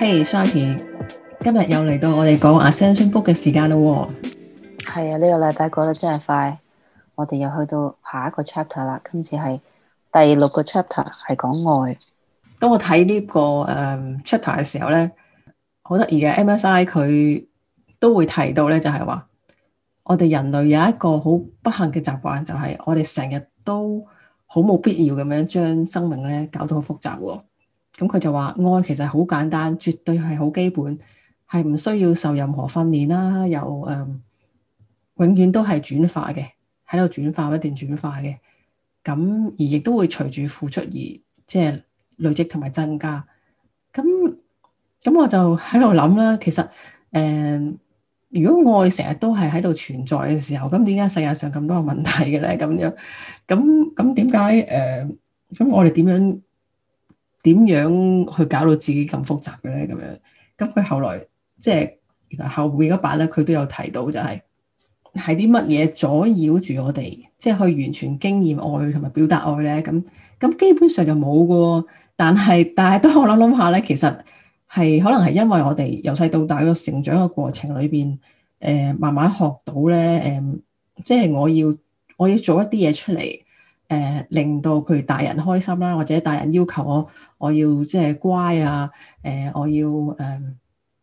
Hey Shanti，今日又嚟到我哋講 Ascension Book 嘅時間咯、哦。係啊，呢、這個禮拜過得真係快，我哋又去到下一個 chapter 啦。今次係第六個 chapter 係講愛。當我睇呢、這個 chapter 嘅、um，時候呢，好得意嘅 MSI 佢都會提到呢，就係、是、話我哋人類有一個好不幸嘅習慣，就係、是、我哋成日都好冇必要咁樣將生命呢搞到好複雜。咁佢就話愛其實好簡單，絕對係好基本，係唔需要受任何訓練啦。又誒、呃，永遠都係轉化嘅，喺度轉化，不斷轉化嘅。咁而亦都會隨住付出而即係、就是、累積同埋增加。咁咁我就喺度諗啦，其實誒、呃，如果愛成日都係喺度存在嘅時候，咁點解世界上咁多問題嘅咧？咁樣咁咁點解誒？咁、呃、我哋點樣？點樣去搞到自己咁複雜嘅咧？咁樣，咁佢後來即係、後來、後面嗰版咧，佢都有提到、就是，就係係啲乜嘢阻撓住我哋，即係去完全經驗愛同埋表達愛咧。咁咁基本上就冇嘅，但係但係都我諗諗下咧，其實係可能係因為我哋由細到大個成長嘅過程裏邊，誒、呃、慢慢學到咧，誒即係我要我要做一啲嘢出嚟。誒，令到佢大人開心啦，或者大人要求我，我要即係乖啊，誒，我要誒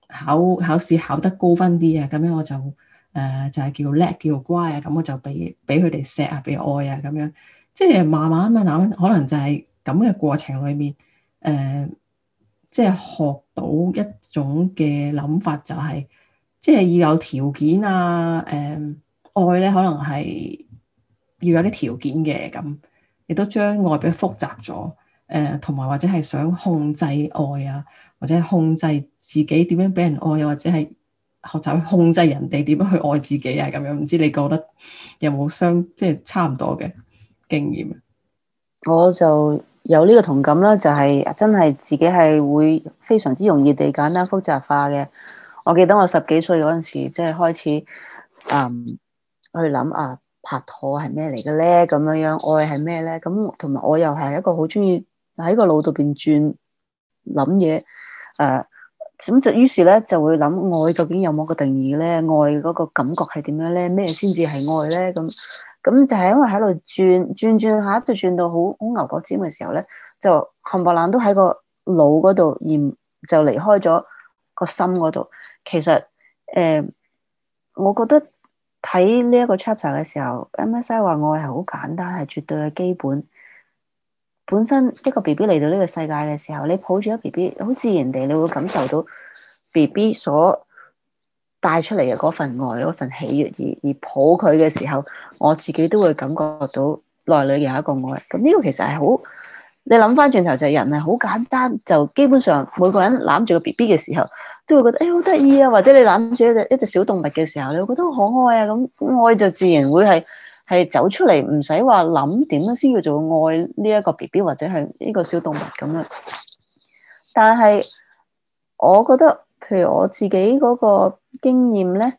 考考試考得高分啲啊，咁樣我就誒就係叫做叻，叫做乖啊，咁我就俾俾佢哋錫啊，俾愛啊，咁樣即係慢慢啊諗，可能就係咁嘅過程裏面，誒，即係學到一種嘅諗法，就係即係要有條件啊，誒，愛咧可能係。要有啲條件嘅咁，亦都將愛變得複雜咗。誒、呃，同埋或者係想控制愛啊，或者係控制自己點樣俾人愛，又或者係學習去控制人哋點樣去愛自己啊。咁樣唔知你覺得有冇相，即係差唔多嘅經驗？我就有呢個同感啦，就係、是、真係自己係會非常之容易地簡單複雜化嘅。我記得我十幾歲嗰陣時，即、就、係、是、開始誒、嗯、去諗啊。拍拖係咩嚟嘅咧？咁樣樣，愛係咩咧？咁同埋我又係一個好中意喺個腦度邊轉諗嘢，誒，咁就於是咧就會諗愛究竟有冇個定義咧？愛嗰個感覺係點樣咧？咩先至係愛咧？咁咁就係因為喺度轉轉轉下，就轉到好好牛角尖嘅時候咧，就冚唪唥都喺個腦嗰度，而就離開咗個心嗰度。其實誒、呃，我覺得。睇呢一個 chapter 嘅時候，M S I 話愛係好簡單，係絕對係基本。本身一個 B B 嚟到呢個世界嘅時候，你抱住個 B B，好自然地你會感受到 B B 所帶出嚟嘅嗰份愛、嗰份喜悅，而而抱佢嘅時候，我自己都會感覺到內裏有一個愛。咁呢個其實係好，你諗翻轉頭就係人係好簡單，就基本上每個人攬住個 B B 嘅時候。都會覺得誒、哎、好得意啊，或者你攬住一隻一隻小動物嘅時候，你會覺得好可愛啊，咁、嗯、愛就自然會係係走出嚟，唔使話諗點樣先叫做愛呢一個 BB 或者係呢個小動物咁樣。但係我覺得，譬如我自己嗰個經驗咧，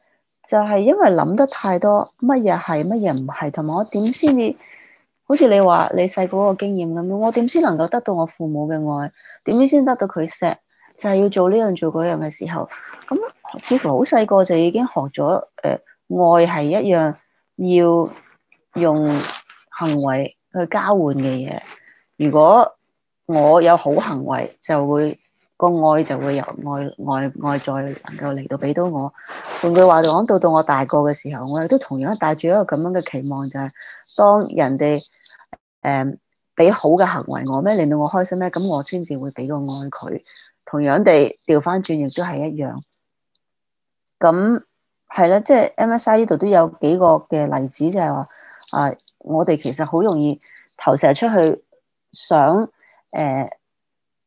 就係、是、因為諗得太多，乜嘢係乜嘢唔係，同埋我點先至，好似你話你細個嗰個經驗咁樣，我點先能夠得到我父母嘅愛？點先先得到佢錫？就係要做呢樣做嗰樣嘅時候，咁、嗯、似乎好細個就已經學咗誒、呃、愛係一樣要用行為去交換嘅嘢。如果我有好行為，就會個愛就會由外外外在能夠嚟到俾到我。換句話嚟講，到到我大個嘅時候，我亦都同樣帶住一個咁樣嘅期望，就係、是、當人哋誒俾好嘅行為我咩，令到我開心咩，咁我先至會俾個愛佢。同樣地調翻轉亦都係一樣，咁係啦，即係 MSI 呢度都有幾個嘅例子，就係話啊，我哋其實好容易投射出去想、呃，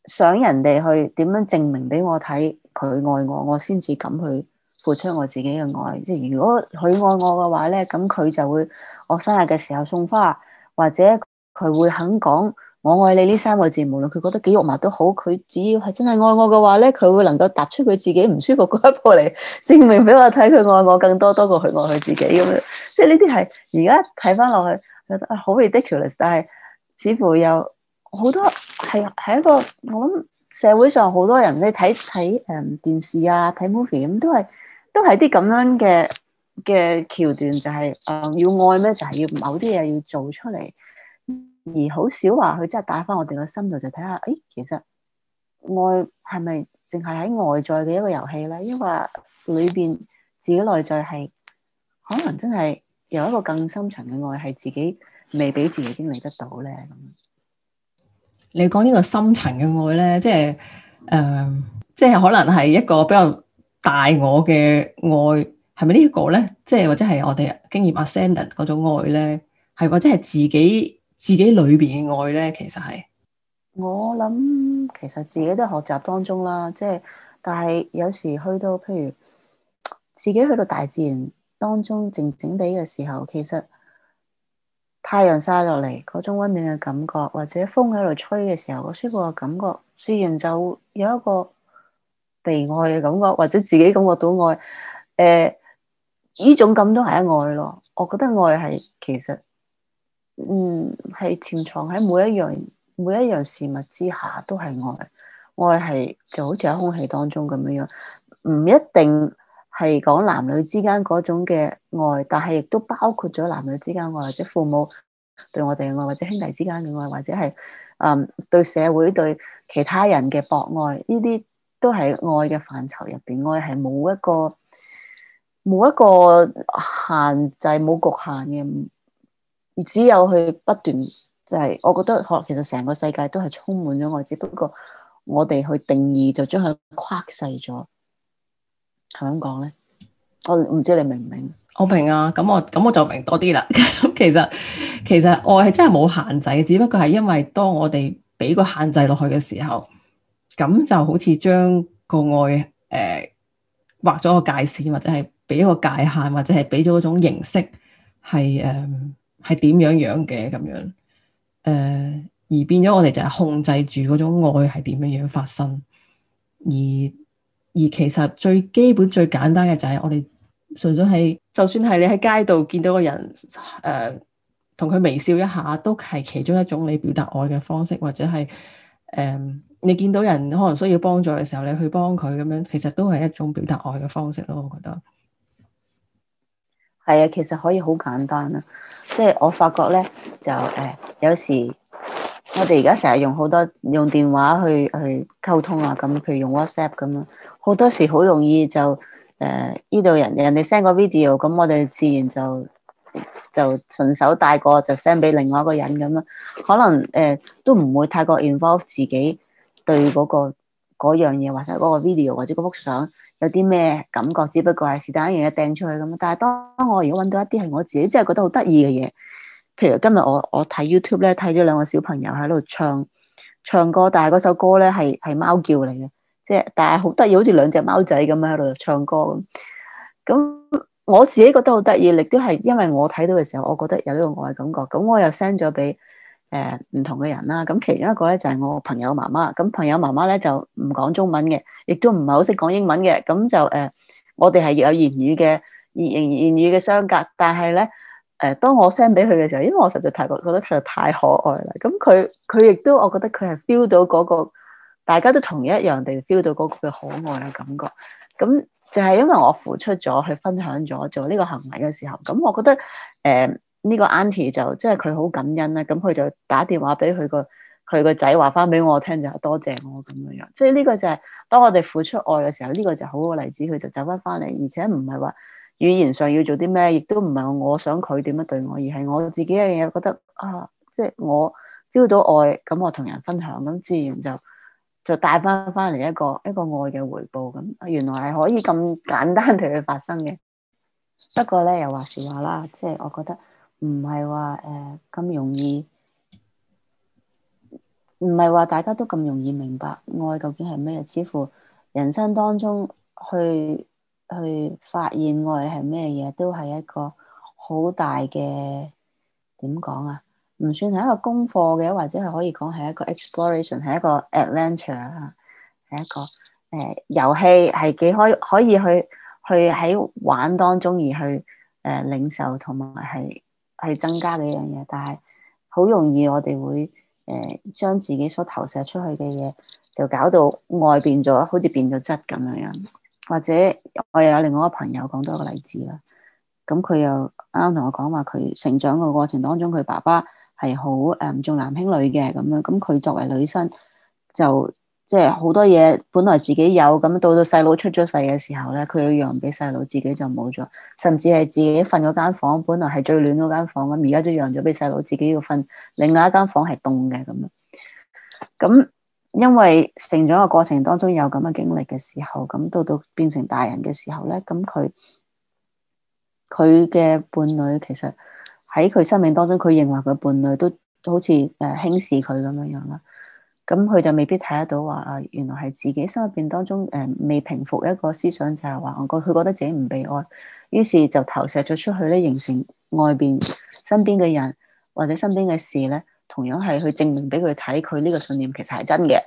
想誒想人哋去點樣證明俾我睇佢愛我，我先至敢去付出我自己嘅愛。即係如果佢愛我嘅話咧，咁佢就會我生日嘅時候送花，或者佢會肯講。我愛你呢三個字，無論佢覺得幾肉麻都好，佢只要係真係愛我嘅話咧，佢會能夠踏出佢自己唔舒服嗰一步嚟，證明俾我睇佢愛我更多，多過佢愛佢自己咁樣。即係呢啲係而家睇翻落去，覺得好 ridiculous，但係似乎又好多係係一個我諗社會上好多人，你睇睇誒電視啊，睇 movie 咁都係都係啲咁樣嘅嘅橋段，就係誒嗯要愛咩，就係要某啲嘢要做出嚟。而好少話，佢真係打翻我哋個心度，就睇下誒，其實愛係咪淨係喺外在嘅一個遊戲咧？因為裏邊自己內在係可能真係有一個更深層嘅愛，係自己未俾自己經歷得到咧。咁，你講呢個深層嘅愛咧，即係誒、呃，即係可能係一個比較大我嘅愛，係咪呢一個咧？即係或者係我哋經驗阿 s a n d a 嗰種愛咧，係或者係自己。自己裏邊嘅愛呢，其實係我諗，其實自己都係學習當中啦。即係，但係有時去到，譬如自己去到大自然當中靜靜地嘅時候，其實太陽曬落嚟嗰種溫暖嘅感覺，或者風喺度吹嘅時候嗰舒服嘅感覺，自然就有一個被愛嘅感覺，或者自己感覺到愛。誒、呃，呢種感都係一愛咯。我覺得愛係其實。嗯，係潛藏喺每一樣每一樣事物之下，都係愛。愛係就好似喺空氣當中咁樣樣，唔一定係講男女之間嗰種嘅愛，但係亦都包括咗男女之間愛，或者父母對我哋嘅愛，或者兄弟之間嘅愛，或者係誒對社會對其他人嘅博愛，呢啲都係愛嘅範疇入邊。愛係冇一個冇一個限制，冇局限嘅。只有去不斷，就係、是、我覺得，學其實成個世界都係充滿咗愛，只不過我哋去定義就將佢跨細咗，係咪咁講咧？我唔知你明唔明？我明啊，咁我咁我就明多啲啦。 其實其實愛係真係冇限制嘅，只不過係因為當我哋俾個限制落去嘅時候，咁就好似將個愛誒畫咗個界線，或者係俾個界限，或者係俾咗嗰種形式係誒。係點樣樣嘅咁樣，誒而變咗我哋就係控制住嗰種愛係點樣樣發生，而而其實最基本最簡單嘅就係我哋純粹係，就算係你喺街度見到個人，誒同佢微笑一下都係其中一種你表達愛嘅方式，或者係誒、呃、你見到人可能需要幫助嘅時候，你去幫佢咁樣，其實都係一種表達愛嘅方式咯，我覺得。係啊，其實可以好簡單啦，即、就、係、是、我發覺咧就誒、呃，有時我哋而家成日用好多用電話去去溝通啊，咁譬如用 WhatsApp 咁啊，好多時好容易就誒呢度人人哋 send 個 video，咁我哋自然就就順手帶過就 send 俾另外一個人咁啊，可能誒、呃、都唔會太過 involve 自己對嗰、那個嗰樣嘢或者嗰個 video 或者嗰幅相。有啲咩感覺？只不過係是但一樣嘢掟出去咁。但係當我如果揾到一啲係我自己，真係覺得好得意嘅嘢。譬如今日我我睇 YouTube 咧，睇咗兩個小朋友喺度唱唱歌，但係嗰首歌咧係係貓叫嚟嘅，即係但係好得意，好似兩隻貓仔咁樣喺度唱歌咁。咁我自己覺得好得意，亦都係因為我睇到嘅時候，我覺得有呢個愛嘅感覺。咁我又 send 咗俾。誒，唔、呃、同嘅人啦，咁其中一個咧就係我朋友媽媽，咁朋友媽媽咧就唔講中文嘅，亦都唔係好識講英文嘅，咁就誒、呃，我哋係有言語嘅，言言、言語嘅相隔，但係咧，誒、呃，當我 send 俾佢嘅時候，因為我實在太過覺得佢太可愛啦，咁佢佢亦都，我覺得佢係 feel 到嗰、嗰個，大家都同一樣地 feel 到嗰個嘅可愛嘅感覺，咁就係因為我付出咗去分享咗做呢個行為嘅時候，咁我覺得誒。呃呢個 aunty 就即係佢好感恩啦，咁佢就打電話俾佢個佢個仔話翻俾我聽，就多謝我咁樣樣。即係呢個就係當我哋付出愛嘅時候，呢個就好個例子，佢就走翻翻嚟，而且唔係話語言上要做啲咩，亦都唔係我想佢點樣對我，而係我自己嘅嘢，覺得啊，即係我 feel 到愛，咁我同人分享，咁自然就就帶翻翻嚟一個一個愛嘅回報。咁原來係可以咁簡單地去發生嘅。不過咧，又話時話啦，即係我覺得。唔係話誒咁容易，唔係話大家都咁容易明白愛究竟係咩嘢。似乎人生當中去去發現愛係咩嘢，都係一個好大嘅，點講啊，唔算係一個功課嘅，或者係可以講係一個 exploration，係一個 adventure 啊，係一個誒遊戲，係、呃、幾可以可以去去喺玩當中而去誒、呃、領受同埋係。係增加嘅一樣嘢，但係好容易我哋會誒將、呃、自己所投射出去嘅嘢，就搞到外變咗，好似變咗質咁樣樣。或者我又有另外一個朋友講多一個例子啦。咁佢又啱啱同我講話，佢成長嘅過程當中，佢爸爸係好誒重男輕女嘅咁樣。咁佢作為女生就。即係好多嘢本來自己有，咁到到細佬出咗世嘅時候咧，佢要讓俾細佬，自己就冇咗。甚至係自己瞓嗰間房，本來係最暖嗰間房，咁而家都讓咗俾細佬，自己要瞓。另外一間房係凍嘅咁樣。咁因為成長嘅過程當中有咁嘅經歷嘅時候，咁到到變成大人嘅時候咧，咁佢佢嘅伴侶其實喺佢生命當中，佢認為佢伴侶都好似誒輕視佢咁樣樣啦。咁佢就未必睇得到話啊，原來係自己心入邊當中誒未平復一個思想，就係話我覺佢覺得自己唔被愛，於是就投射咗出去咧，形成外邊身邊嘅人或者身邊嘅事咧，同樣係去證明俾佢睇，佢呢個信念其實係真嘅。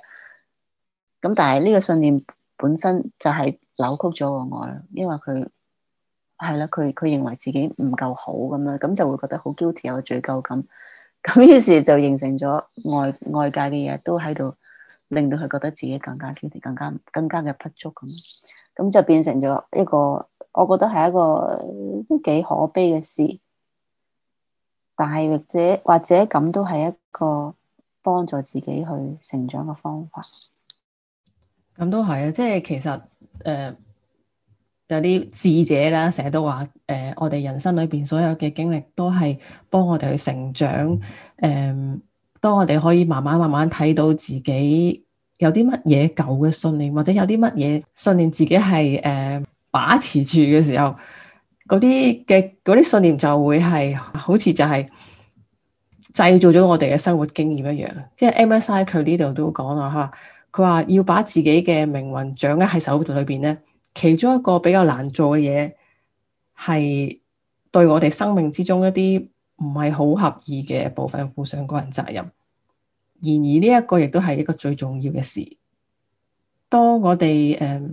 咁但係呢個信念本身就係扭曲咗個愛，因為佢係啦，佢佢認為自己唔夠好咁樣，咁就會覺得好 guilty 有罪疚感。咁於是就形成咗外外界嘅嘢都喺度，令到佢覺得自己更加堅定、更加更加嘅不足咁，咁就變成咗一個，我覺得係一個都幾可悲嘅事。但係或者或者咁都係一個幫助自己去成長嘅方法。咁都係呀，即係其實誒。呃有啲智者啦，成日都話，誒、呃，我哋人生裏邊所有嘅經歷都係幫我哋去成長。誒、呃，當我哋可以慢慢慢慢睇到自己有啲乜嘢舊嘅信念，或者有啲乜嘢信念自己係誒、呃、把持住嘅時候，嗰啲嘅嗰啲信念就會係好似就係製造咗我哋嘅生活經驗一樣。即、就、係、是、MSI 佢呢度都講啦，嚇，佢話要把自己嘅命運掌握喺手度裏邊咧。其中一個比較難做嘅嘢，係對我哋生命之中一啲唔係好合意嘅部分負上個人責任。然而呢一個亦都係一個最重要嘅事。當我哋誒、呃，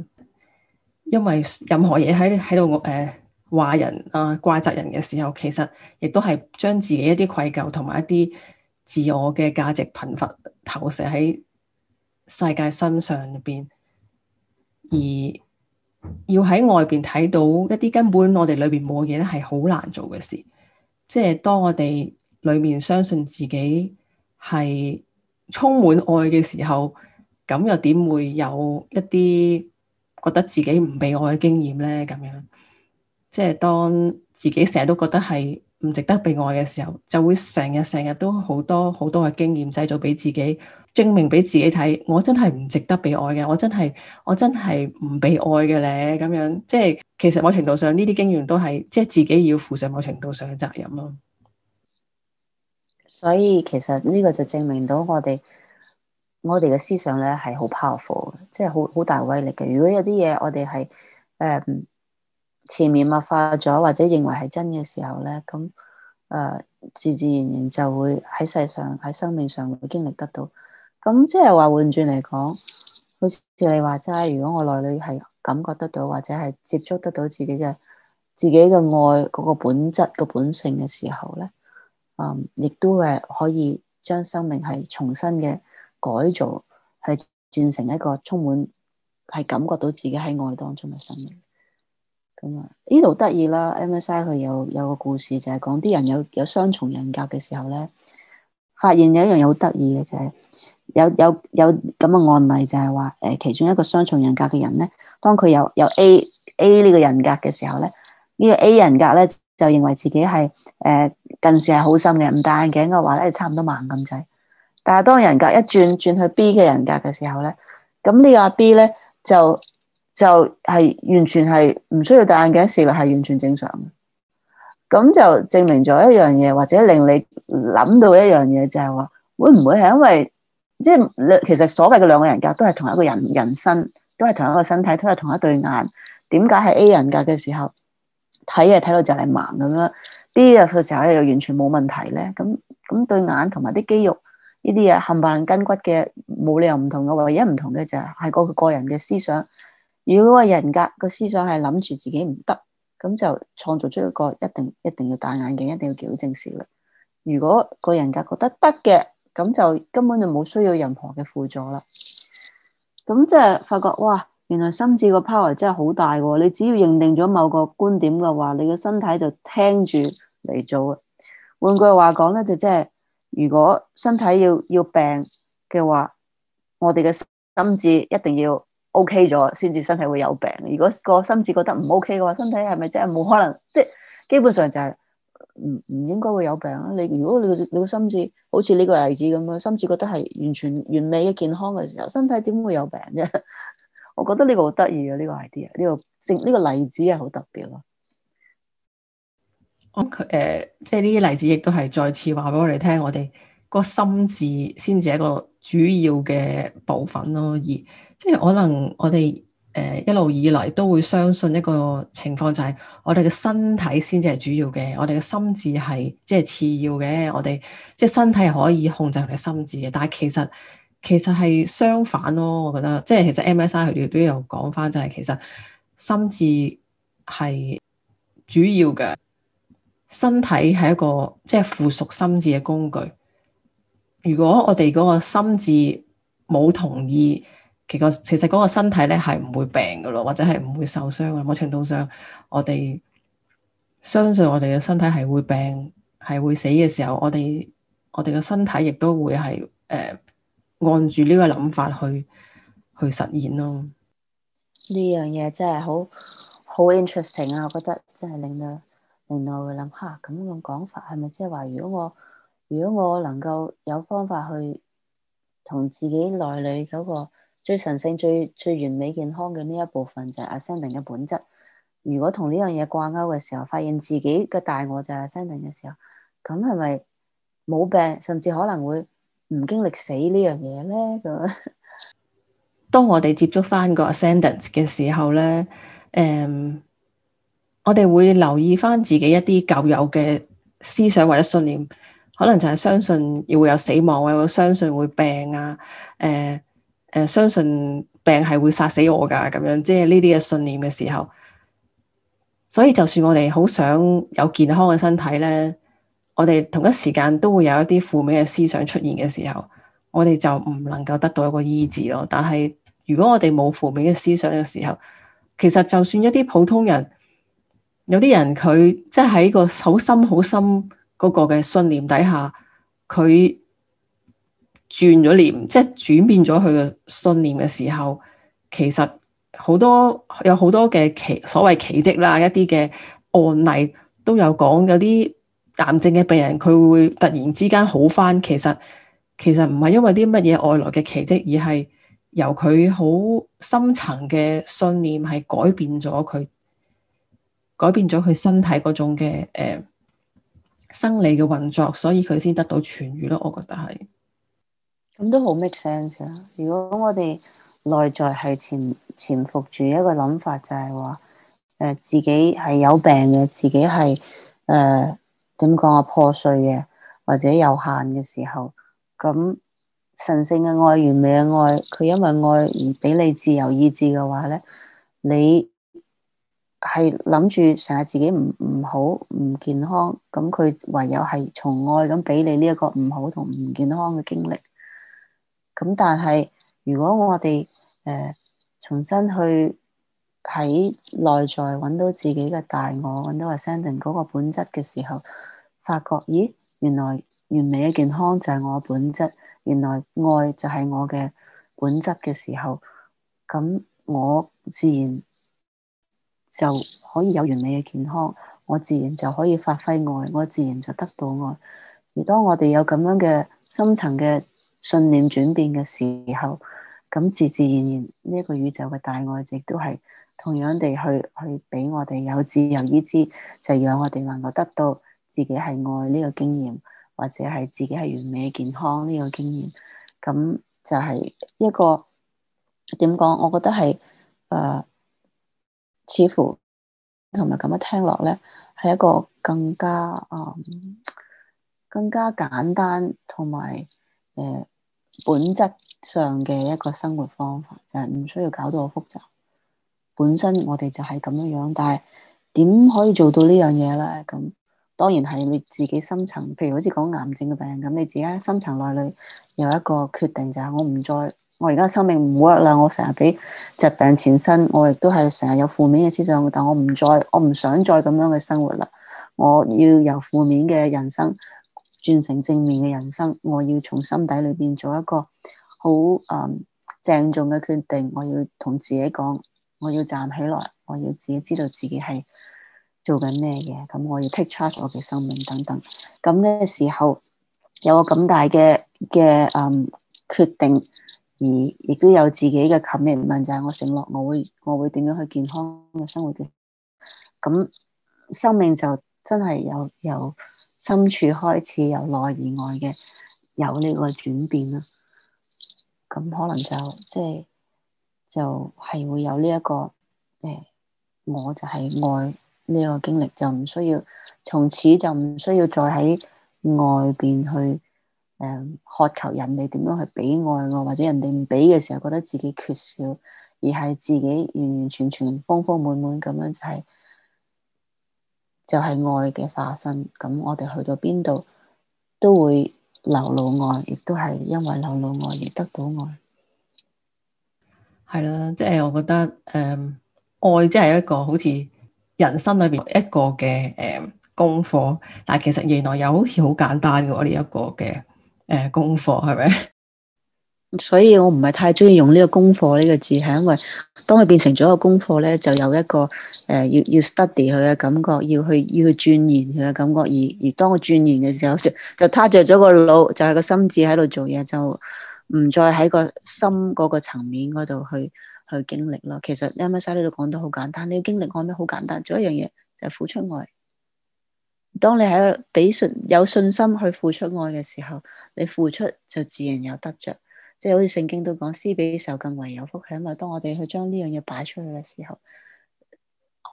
因為任何嘢喺度，我誒話人啊，怪責人嘅時候，其實亦都係將自己一啲愧疚同埋一啲自我嘅價值頻繁投射喺世界身上邊，而。要喺外邊睇到一啲根本我哋裏邊冇嘅嘢咧，係好難做嘅事。即係當我哋裏面相信自己係充滿愛嘅時候，咁又點會有一啲覺得自己唔被愛嘅經驗呢？咁樣，即係當自己成日都覺得係唔值得被愛嘅時候，就會成日成日都好多好多嘅經驗製造俾自己。證明俾自己睇，我真係唔值得被愛嘅，我真係我真係唔被愛嘅咧。咁樣即係其實某程度上呢啲經驗都係，即係自己要負上某程度上嘅責任咯。所以其實呢個就證明到我哋我哋嘅思想咧係好 powerful 嘅，即係好好大威力嘅。如果有啲嘢我哋係誒潛移默化咗，或者認為係真嘅時候咧，咁誒、呃、自自然然就會喺世上喺生命上會經歷得到。咁即係話換轉嚟講，好似你話齋，如果我內裏係感覺得到，或者係接觸得到自己嘅自己嘅愛嗰個本質、個本性嘅時候咧，嗯，亦都係可以將生命係重新嘅改造，係轉成一個充滿係感覺到自己喺愛當中嘅生命。咁、嗯、啊，呢度得意啦，MSI 佢有有個故事就係講啲人有有雙重人格嘅時候咧，發現有一樣嘢好得意嘅就係、是。有有有咁嘅案例就係話，誒、呃，其中一個雙重人格嘅人咧，當佢有有 A A 呢個人格嘅時候咧，呢個 A 人格咧就認為自己係誒、呃、近視係好深嘅，唔戴眼鏡嘅話咧就差唔多盲咁滯。但係當人格一轉轉去 B 嘅人格嘅時候咧，咁呢個阿 B 咧就就係、是、完全係唔需要戴眼鏡視力係完全正常嘅。咁就證明咗一樣嘢，或者令你諗到一樣嘢就係話，會唔會係因為？即係其實所謂嘅兩個人格都係同一個人，人身都係同一個身體，都係同一對眼。點解係 A 人格嘅時候睇嘢睇到就嚟盲咁樣，B 嘅嘅時候又完全冇問題咧？咁咁對眼同埋啲肌肉呢啲嘢冚唪唥筋骨嘅冇理由唔同嘅，唯一唔同嘅就係、係、係個個人嘅思想。如果個人格個思想係諗住自己唔得，咁就創造出一個一定一定要戴眼鏡，一定要矯正視力。如果個人格覺得得嘅，咁就根本就冇需要任何嘅輔助啦。咁即係發覺哇，原來心智個 power 真係好大嘅。你只要認定咗某個觀點嘅話，你嘅身體就聽住嚟做嘅。換句話講咧，就即係如果身體要要病嘅話，我哋嘅心智一定要 OK 咗，先至身體會有病。如果個心智覺得唔 OK 嘅話，身體係咪真係冇可能？即係基本上就係。唔，唔應該會有病啊！你如果你個你個心智好似呢個例子咁樣，心智覺得係完全完美嘅健康嘅時候，身體點會有病啫？我覺得呢個好得意啊！呢個 idea，呢個正呢個例子啊，好特別咯。OK，誒、呃，即係呢啲例子亦都係再次話俾我哋聽，我哋個心智先至係一個主要嘅部分咯。而即係可能我哋。誒，一路以嚟都會相信一個情況就係，我哋嘅身體先至係主要嘅，我哋嘅心智係即係次要嘅。我哋即係身體可以控制我哋心智嘅，但係其實其實係相反咯。我覺得即係其實 MSI 佢哋都有講翻就係，其實心智係主要嘅，身體係一個即係附屬心智嘅工具。如果我哋嗰個心智冇同意。其實其實嗰個身體咧係唔會病噶咯，或者係唔會受傷噶。某程度上我、我哋相信我哋嘅身體係會病，係會死嘅時候，我哋我哋嘅身體亦都會係誒、呃、按住呢個諗法去去實現咯。呢樣嘢真係好好 interesting 啊！我覺得真係令到令到我諗下，咁、啊、咁樣講法係咪即係話，如果我如果我能夠有方法去同自己內裏嗰，嗰個。最神聖、最最完美健康嘅呢一部分就係、是、ascending 嘅本質。如果同呢樣嘢掛鈎嘅時候，發現自己嘅大我就係 ascending 嘅時候，咁係咪冇病，甚至可能會唔經歷死呢樣嘢咧？咁 ，當我哋接觸翻個 ascendance 嘅時候咧，誒、嗯，我哋會留意翻自己一啲舊有嘅思想或者信念，可能就係相信會有死亡，或者相信會病啊，誒、嗯。誒，相信病係會殺死我㗎，咁樣即係呢啲嘅信念嘅時候，所以就算我哋好想有健康嘅身體咧，我哋同一時間都會有一啲負面嘅思想出現嘅時候，我哋就唔能夠得到一個醫治咯。但係如果我哋冇負面嘅思想嘅時候，其實就算一啲普通人，有啲人佢即係喺個好深好深嗰個嘅信念底下，佢。轉咗念，即係轉變咗佢嘅信念嘅時候，其實好多有好多嘅奇所謂奇蹟啦，一啲嘅案例都有講，有啲癌症嘅病人佢會突然之間好返，其實其實唔係因為啲乜嘢外來嘅奇蹟，而係由佢好深層嘅信念係改變咗佢，改變咗佢身體嗰種嘅誒、呃、生理嘅運作，所以佢先得到痊愈咯。我覺得係。咁都好 make sense 啊！如果我哋內在係潛潛伏住一個諗法就，就係話誒自己係有病嘅，自己係誒點講啊，破碎嘅，或者有限嘅時候，咁神聖嘅愛，愛、完美嘅愛，佢因為愛而俾你自由意志嘅話咧，你係諗住成日自己唔唔好唔健康，咁佢唯有係從愛咁俾你呢一個唔好同唔健康嘅經歷。咁但係如果我哋誒、呃、重新去喺內在揾到自己嘅大我，揾到 ascending 嗰個本質嘅時候，發覺咦，原來完美嘅健康就係我本質，原來愛就係我嘅本質嘅時候，咁我自然就可以有完美嘅健康，我自然就可以發揮愛，我自然就得到愛。而當我哋有咁樣嘅深層嘅信念轉變嘅時候，咁自自然然呢個宇宙嘅大愛，值都係同樣地去去俾我哋有自由意志，就讓我哋能夠得到自己係愛呢個經驗，或者係自己係完美健康呢個經驗。咁就係一個點講？我覺得係誒，似乎同埋咁樣聽落咧，係一個更加誒，更加簡單同埋。誒，本質上嘅一個生活方法就係唔需要搞到好複雜，本身我哋就係咁樣樣，但係點可以做到呢樣嘢咧？咁當然係你自己深層，譬如好似講癌症嘅病人咁，你自己喺深層內裏有一個決定，就係我唔再，我而家生命唔好 o 啦，我成日俾疾病纏身，我亦都係成日有負面嘅思想，但我唔再，我唔想再咁樣嘅生活啦，我要有負面嘅人生。轉成正面嘅人生，我要從心底裏邊做一個好誒鄭重嘅決定。我要同自己講，我要站起來，我要自己知道自己係做緊咩嘢。咁我要 take charge 我嘅生命等等。咁嘅時候有個咁大嘅嘅誒決定，而亦都有自己嘅 commitment，就係我承諾我會我會點樣去健康嘅生活嘅。咁生命就真係有有。有深處開始由內而外嘅有呢個轉變啦，咁可能就即係就係、是就是、會有呢、這、一個誒、欸，我就係愛呢個經歷就唔需要從此就唔需要再喺外邊去誒渴、嗯、求人哋點樣去俾愛我，或者人哋唔俾嘅時候覺得自己缺少，而係自己完完全全豐豐滿滿咁樣就係、是。就係愛嘅化身，咁我哋去到邊度都會流露愛，亦都係因為流露愛而得到愛，係啦。即係我覺得，誒，愛即係一個好似人生裏邊一個嘅，誒，功課。但係其實原來又好似好簡單嘅我哋一個嘅，誒，功課係咪？所以我唔係太中意用呢個功課呢個字，係因為。當佢變成咗一個功課咧，就有一個誒、呃、要要 study 佢嘅感覺，要去要去鑽研佢嘅感覺。而而當我鑽研嘅時候，就就他著咗個腦，就係、是、個心智喺度做嘢，就唔再喺個心嗰個層面嗰度去去經歷咯。其實阿 m a s 呢度 i 都講得好簡單，你要經歷愛咩？好簡單，做一樣嘢就係、是、付出愛。當你喺度俾信有信心去付出愛嘅時候，你付出就自然有得着。即係好似聖經都講，施比受更為有福。係咪？當我哋去將呢樣嘢擺出去嘅時候，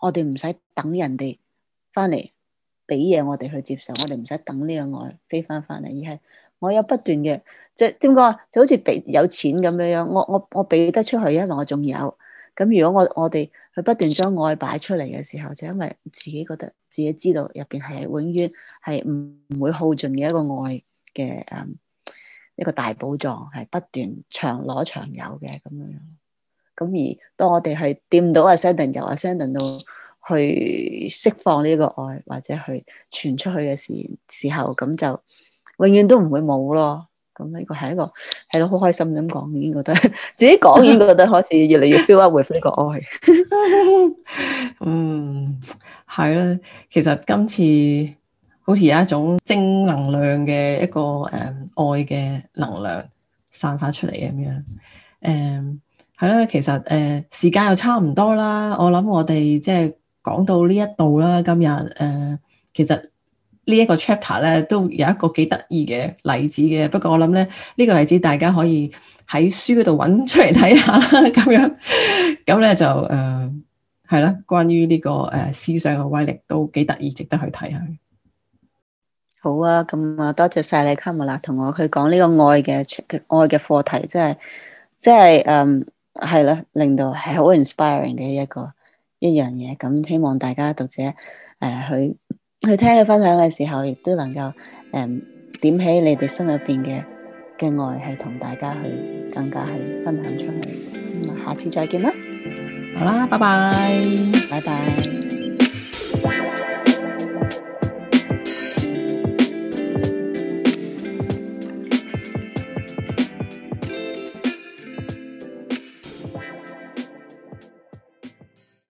我哋唔使等人哋翻嚟俾嘢我哋去接受。我哋唔使等呢個愛飛翻返嚟，而係我有不斷嘅，即係點講，就好似俾有錢咁樣樣，我我我俾得出去，因為我仲有。咁如果我我哋去不斷將愛擺出嚟嘅時候，就因為自己覺得自己知道入邊係永遠係唔會耗盡嘅一個愛嘅誒。一個大寶藏，係不斷長攞長有嘅咁樣，咁而當我哋係掂到阿 Sendin 由阿 Sendin 到去釋放呢個愛或者去傳出去嘅時時候，咁就永遠都唔會冇咯。咁呢個係一個係咯，好開心咁講，已經覺得自己講已經覺得開始越嚟越 feel up with 呢個愛。 嗯，係啦，其實今次。好似有一種正能量嘅一個誒、嗯、愛嘅能量散發出嚟咁樣，誒、係啦。其實誒、呃、時間又差唔多啦。我諗我哋即係講到呢一度啦。今日誒、呃、其實呢一個 chapter 咧都有一個幾得意嘅例子嘅。不過我諗咧呢、呢個例子大家可以喺書嗰度揾出嚟睇下啦。咁樣咁咧就，誒、係啦。關於呢、呢個誒、呃、思想嘅威力都幾得意，值得去睇下。好啊，咁啊，多謝晒你卡木啦同我去講呢個愛嘅愛嘅課題，即係即係誒，係啦、嗯，令到係好 inspiring 嘅一個一樣嘢。咁、嗯、希望大家讀者誒、呃、去去聽佢分享嘅時候，亦都能夠誒、嗯、點起你哋心入邊嘅嘅愛，係同大家去更加係分享出去。咁、嗯、啊，下次再見啦，好啦，拜拜，拜拜。